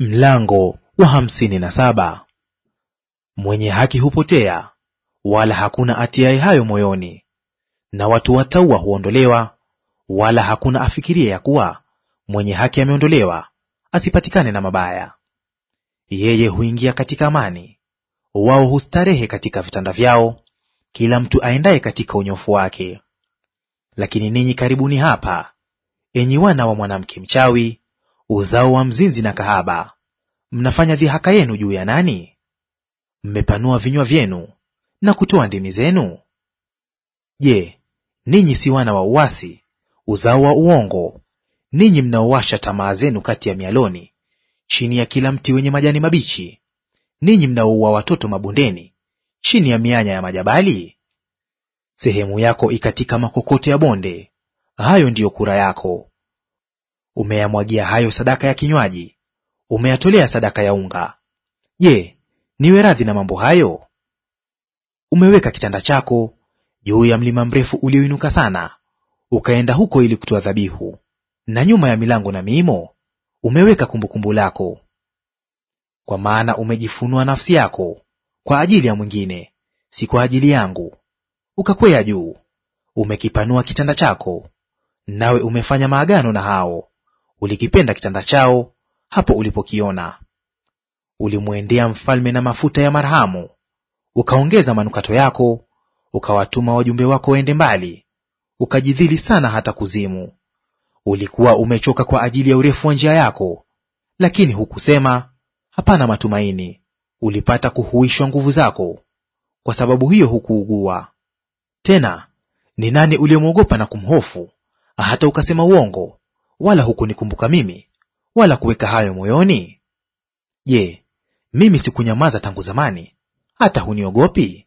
Mlango wa hamsini na saba. Mwenye haki hupotea, wala hakuna atiaye hayo moyoni, na watu watauwa huondolewa, wala hakuna afikirie ya kuwa mwenye haki ameondolewa, asipatikane na mabaya. Yeye huingia katika amani, wao hustarehe katika vitanda vyao, kila mtu aendaye katika unyofu wake. Lakini ninyi karibuni hapa, enyi wana wa mwanamke mchawi, uzao wa mzinzi na kahaba, mnafanya dhihaka yenu juu ya nani? Mmepanua vinywa vyenu na kutoa ndimi zenu? Je, ninyi si wana wa uasi, uzao wa uongo, ninyi mnaowasha tamaa zenu kati ya mialoni, chini ya kila mti wenye majani mabichi, ninyi mnaoua watoto mabondeni, chini ya mianya ya majabali? Sehemu yako ikatika makokote ya bonde, hayo ndiyo kura yako umeyamwagia hayo sadaka ya kinywaji, umeyatolea sadaka ya unga. Je, niwe radhi na mambo hayo? Umeweka kitanda chako juu ya mlima mrefu ulioinuka sana, ukaenda huko ili kutoa dhabihu, na nyuma ya milango na miimo umeweka kumbukumbu lako. Kwa maana umejifunua nafsi yako kwa ajili ya mwingine, si kwa ajili yangu. Ukakwea juu, umekipanua kitanda chako, nawe umefanya maagano na hao ulikipenda kitanda chao hapo ulipokiona. Ulimwendea mfalme na mafuta ya marhamu, ukaongeza manukato yako, ukawatuma wajumbe wako waende mbali, ukajidhili sana hata kuzimu. Ulikuwa umechoka kwa ajili ya urefu wa njia yako, lakini hukusema hapana matumaini. Ulipata kuhuishwa nguvu zako, kwa sababu hiyo hukuugua tena. Ni nani uliyemwogopa na kumhofu, hata ukasema uongo wala hukunikumbuka mimi, wala kuweka hayo moyoni? Je, mimi sikunyamaza tangu zamani, hata huniogopi?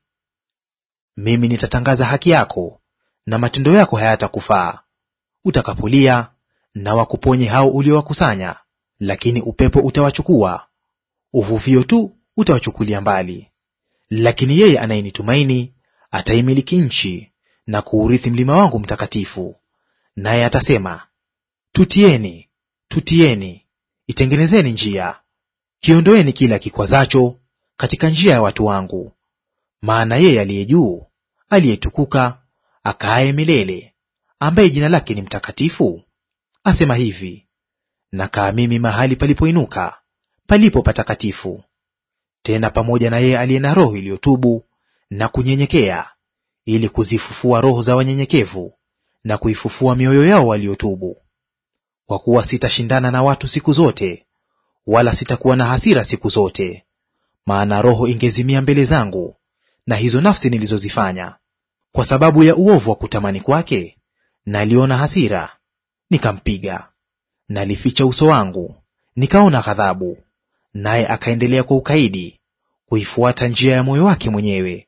Mimi nitatangaza haki yako, na matendo yako hayatakufaa. Utakapolia na wakuponye hao uliowakusanya, lakini upepo utawachukua, uvuvio tu utawachukulia mbali. Lakini yeye anayenitumaini ataimiliki nchi na kuurithi mlima wangu mtakatifu. Naye atasema, Tutieni, tutieni, itengenezeni njia, kiondoeni kila kikwazacho katika njia ya watu wangu. Maana yeye aliye juu, aliyetukuka, akaaye milele, ambaye jina lake ni mtakatifu, asema hivi, nakaa mimi mahali palipoinuka, palipo patakatifu, tena pamoja na yeye aliye na roho iliyotubu na kunyenyekea, ili kuzifufua roho za wanyenyekevu na kuifufua mioyo yao waliotubu. Kwa kuwa sitashindana na watu siku zote, wala sitakuwa na hasira siku zote. Maana roho ingezimia mbele zangu, na hizo nafsi nilizozifanya. Kwa sababu ya uovu wa kutamani kwake, naliona hasira, nikampiga; nalificha uso wangu, nikaona ghadhabu. Naye akaendelea kwa ukaidi, kuifuata njia ya moyo wake mwenyewe.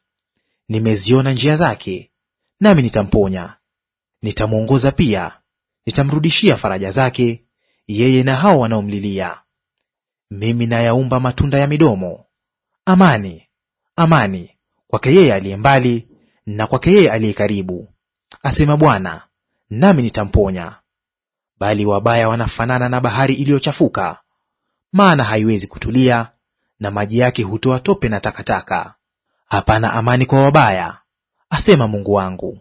Nimeziona njia zake, nami nitamponya; nitamwongoza pia nitamrudishia faraja zake yeye na hao wanaomlilia. Mimi nayaumba matunda ya midomo. Amani, amani kwake yeye aliye mbali na kwake yeye aliye karibu, asema Bwana, nami nitamponya. Bali wabaya wanafanana na bahari iliyochafuka, maana haiwezi kutulia, na maji yake hutoa tope na takataka. Hapana amani kwa wabaya, asema Mungu wangu.